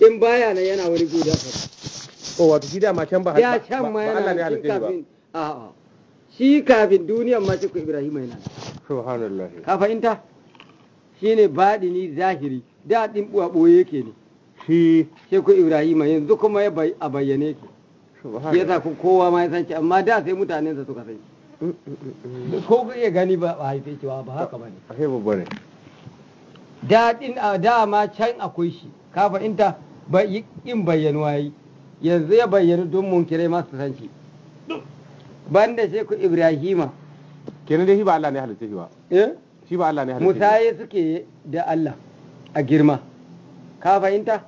in baya nan yana wani guda fa ko wato shi dama can ba ya can ma yana shi kafin a a shi kafin duniyar ma ku ibrahim yana subhanallah ka fahimta shine badini zahiri da din buwa boye yake ne shi sheku ibrahim yanzu kuma ya a bayyane ki ya sa ku kowa ma ya san shi amma da sai mutanen sa suka san mm, mm, mm, ko ku iya gani ba a haife shi ba haka bane ne daɗin a dama can akwai shi inta ba in bayyanuwa yi yanzu ya bayyanu don munkirai masu san shi banda sheku ibrahima kenan dai shi ba Allah ne halitta shi ba eh? shi ba Allah ne halitta musaye suke da Allah a girma ka fahimta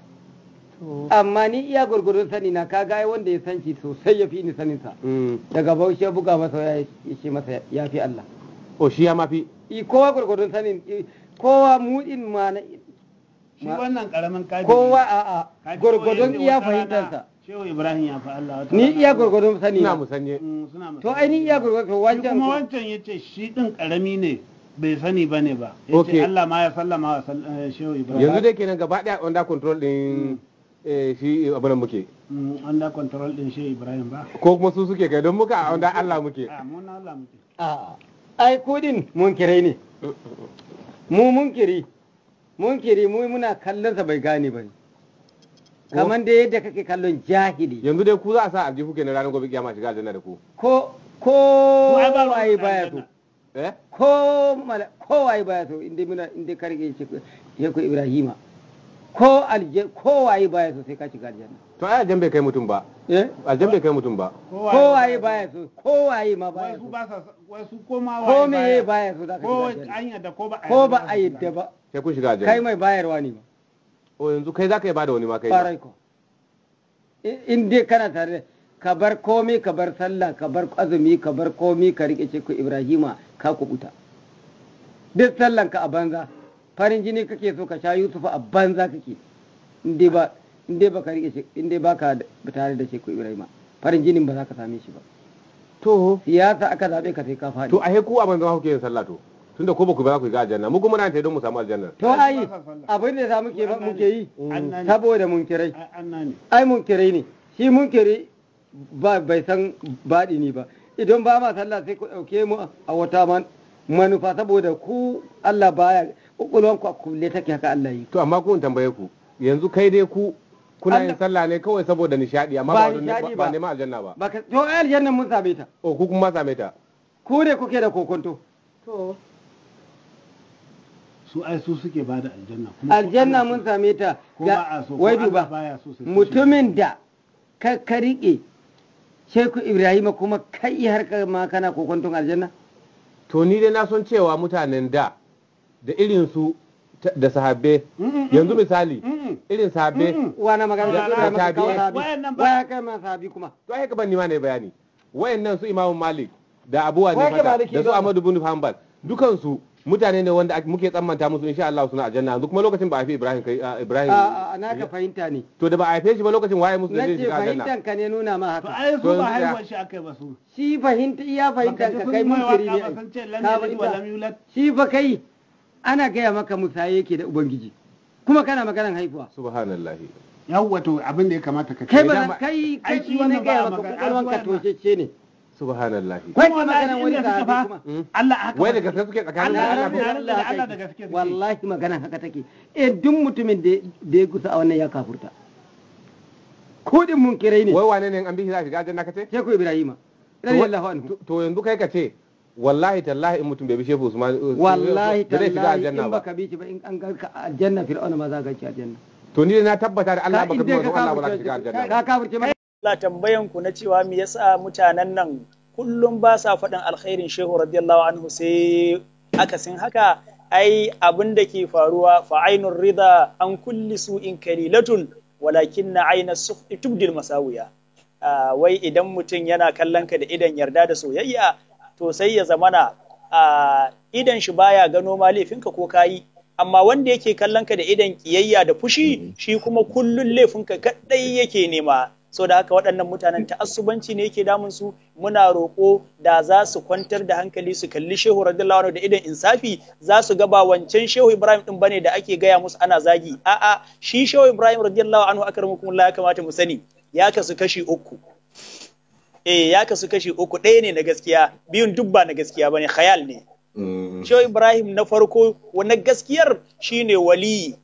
amma ni iya gurgurun sani na ka gaya wanda ya san shi sosai ya fi ni sanin sa mm. daga baushe buga masa ya shi masa ya fi Allah o oh, shi ya mafi i kowa gurgurun sanin kowa mudin ma na shi wannan kowa a a gurgudun iya fahimtarsa shehu ibrahim ya fi Allah ni iya gurgudun sani na mm, musanye to ai ni iya gurgudun to wancan kuma wancan ya ce shi din karami ne bai sani ba ne ba ya ce Allah ma ya sallama wa eh, shehu ibrahim yanzu dai kenan gaba daya under control din mm. eh, shi abin da muke mm, under control din shehu ibrahim ba ko kuma su suke kai don muka a under Allah muke a ah, mun Allah muke a ah, ai kudin mun kire ne mu munkiri munkiri mu muna kallon sa bai gane ba kamar da yadda kake kallon jahili yanzu dai ku za a sa kuke na ranar gobe kiyama shiga aljanna da ku ko ko waye baya so eh? ko mala ko wai baya to inda muna inda karke shi ko ibrahima ko alje ko waye baya so sai ka shiga aljanna to ai aljan bai kai mutum ba eh aljan bai kai mutum ba kowaye baya so kowaye ma baya so wai su koma waye ko me ye baya so da ko an yadda ko ba ko ba a yadda ba sai kun shiga aljan kai mai bayarwa ne o yanzu kai zaka yi bada wani ma kai farai ko in dai kana tare ka bar komai ka bar sallah ka bar azumi ka bar komai ka rike ce ku ibrahima ka kubuta duk sallan ka a banza farin jini kake so ka sha yusufu a banza kake in dai ba in dai baka rike in dai baka tare da Sheku Ibrahim farin jinin ba za ka same shi ba to siyasa aka zabe ka sai ka fadi to a ku a banza kuke yin sallah to tunda ko baku ba ku ga aljanna mu kuma na ta don mu samu aljanna to ai abin da za mu ke yi saboda mun kirai ai mun kirai ne shi kirai ba bai san baɗi ne ba idan ba ma sallah sai ku ɗauke mu a wata manufa saboda ku Allah baya kokolwan ku kulle take haka Allah yi to amma ku tambaye ku yanzu kai dai ku kuna yin sallah ne kawai saboda nishadi amma ba don ba neman aljanna ba ba to ai aljanna mun same ta oh ku kuma same ta ku ne kuke da kokonto to su ai su suke ba da aljanna aljanna mun same ta ga wai duba mutumin da ka ka rike Sheku Ibrahim kuma kai har ma kana kokonton aljanna to ni dai na son cewa mutanen da da irin su da sahabbe yanzu misali irin sahabbe wana magana da sahabbe wayannan ba ya kai man sahabi kuma to ai ban ni ma ne bayani wayannan su imamu malik da abu hanifa da su amadu bin hanbal dukan su mutane ne wanda muke tsammanta musu insha Allah suna aljanna yanzu kuma lokacin ba a fi Ibrahim kai Ibrahim a na ka eh, fahimta ne to da ba a haife shi ba lokacin waye musu zai shiga aljanna fahimtan ka ne nuna ma haka to ai su ba haihuwar shi akai ba su shi fahimta iya fahimta ka kai mun kiri ne ka fahimta shi ba kai ana gaya maka musaye yake da ubangiji kuma kana maganan haifuwa subhanallah yawwa to abin da ya kamata ka kai bana kai kai na gaya maka kokarwan ka toshecce ne subhanallah kai kuma maganan wani sahabi kuma hmm? Allah haka wai da gaske suke tsakanin Allah Allah da gaske wallahi maganan haka take eh duk mutumin da ya gusa a wannan ya kafurta kodin munkirai ne wai wane ne an bihi za a shiga aljanna kace sheku ibrahima radiyallahu anhu to yanzu kai ka ce. wallahi tallahi in mutum bai bi shehu usman eh, eh, wallahi tallahi in baka bi shi ba in an garka aljanna fir'auna ma za ka ci aljanna to ni na tabbata da Allah baka bi Allah ba za ka shiga aljanna ka kafirce ma Allah tambayan ku na cewa me yasa mutanen nan kullum ba sa faɗin alkhairin shehu radiyallahu anhu sai akasin haka ai abin da ke faruwa fa ainun rida an kulli su'in kalilatun walakin na aina tubdil masawiya ah, wai idan mutum yana kallon ka da idan yarda da soyayya to sai ya zamana a idan shi baya gano ma laifinka ko kayi amma wanda yake kallon ka da idan kiyayya da fushi mm-hmm. shi kuma kullun laifinka kaɗai yake nema so da haka waɗannan mutanen ta'assubanci ne yake damun su muna roƙo da za su kwantar da hankali su kalli shehu radiyallahu anhu da idan insafi za su ga wancan shehu ibrahim din bane da ake gaya musu ana zagi a'a shi shehu ibrahim radiyallahu anhu akramukum ya kamata mu sani ya kasu kashi uku eh ya kasu kashi uku ɗaya ne na gaskiya biyun dubba na gaskiya bane khayal ne mm. Shehu Ibrahim na farko wani gaskiyar shine waliyi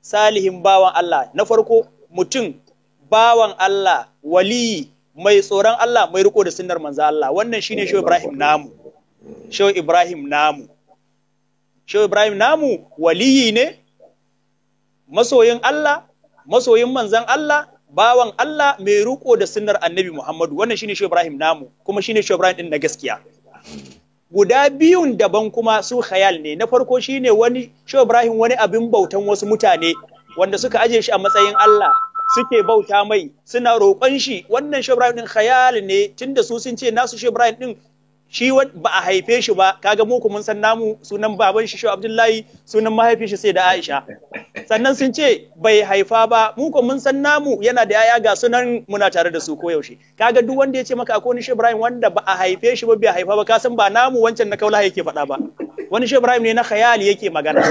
salihin bawan Allah na farko mutum bawan Allah waliyi mai tsoron Allah mai riko da sunnar manzo Allah wannan shine Shehu Ibrahim namu Shehu Ibrahim namu Shehu Ibrahim namu waliyi ne masoyin Allah masoyin manzon Allah bawan Allah mai ruko da sunnar annabi Muhammadu wannan shine Shehu Ibrahim namu kuma shine Shehu Ibrahim din na gaskiya guda biyun daban kuma su khayal ne na farko shine wani Shehu Ibrahim wani abin bautan wasu mutane wanda suka aje shi a matsayin Allah suke bauta mai suna roƙon shi wannan Shehu Ibrahim din khayal ne tunda su sun ce nasu Shehu Ibrahim din shi ba a haife shi ba kaga mu mun san namu sunan baban shi Shehu Abdullahi sunan mahaifin shi sai da Aisha sannan sun ce bai haifa ba mu mun san namu yana da yaya ga sunan muna tare da su ko yaushe kaga duk wanda ya ce maka akwai wani Shehu Ibrahim wanda ba a haife shi ba bai haifa ba ka san ba namu wancan na kaula yake faɗa ba wani Shehu Ibrahim ne na khayali yake magana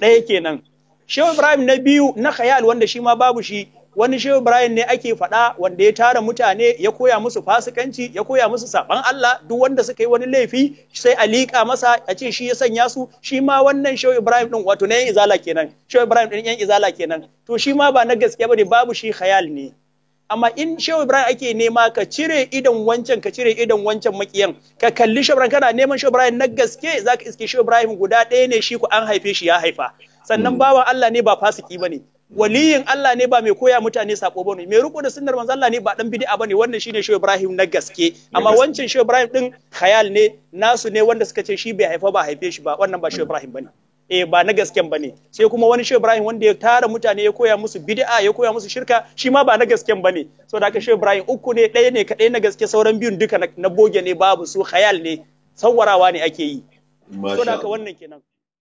ɗaya kenan Shehu Ibrahim na biyu na khayal wanda shi ma babu shi wani shehu Ibrahim ne ake faɗa wanda ya tara mutane ya koya musu fasikanci ya koya musu saban Allah duk wanda suka yi wani laifi sai a liƙa masa a ce shi ya sanya su shi ma wannan shehu Ibrahim din wato na yan izala kenan shehu Ibrahim din yan izala kenan to shi ma ba na gaskiya bane babu shi khayal ne amma in shehu Ibrahim ake nema ka cire idan wancan ka cire idan wancan makiyan ka kalli shehu Ibrahim kana neman shehu Ibrahim na gaske zaka iske shehu Ibrahim guda ɗaya ne shi ku an haife shi ya haifa sannan hmm. bawan Allah ne ba fasiki bane waliyin Allah ne ba mai koya mutane sako ba ne mai riko da sunnar manzo Allah ne ba dan bid'a bane wannan shine Shehu Ibrahim na gaske amma wancan Shehu Ibrahim din khayal ne nasu ne wanda suka ce shi bai haifa ba haife shi ba wannan ba Shehu Ibrahim bane eh ba na gasken bane sai kuma wani Shehu Ibrahim wanda ya tara mutane ya koya musu bid'a ya koya musu shirka shi ma ba na gasken bane saboda haka Shehu Ibrahim uku ne ɗaya ne kadai na gaske sauran biyun duka na boge ne babu su khayal ne sawarawa ne ake yi saboda haka wannan kenan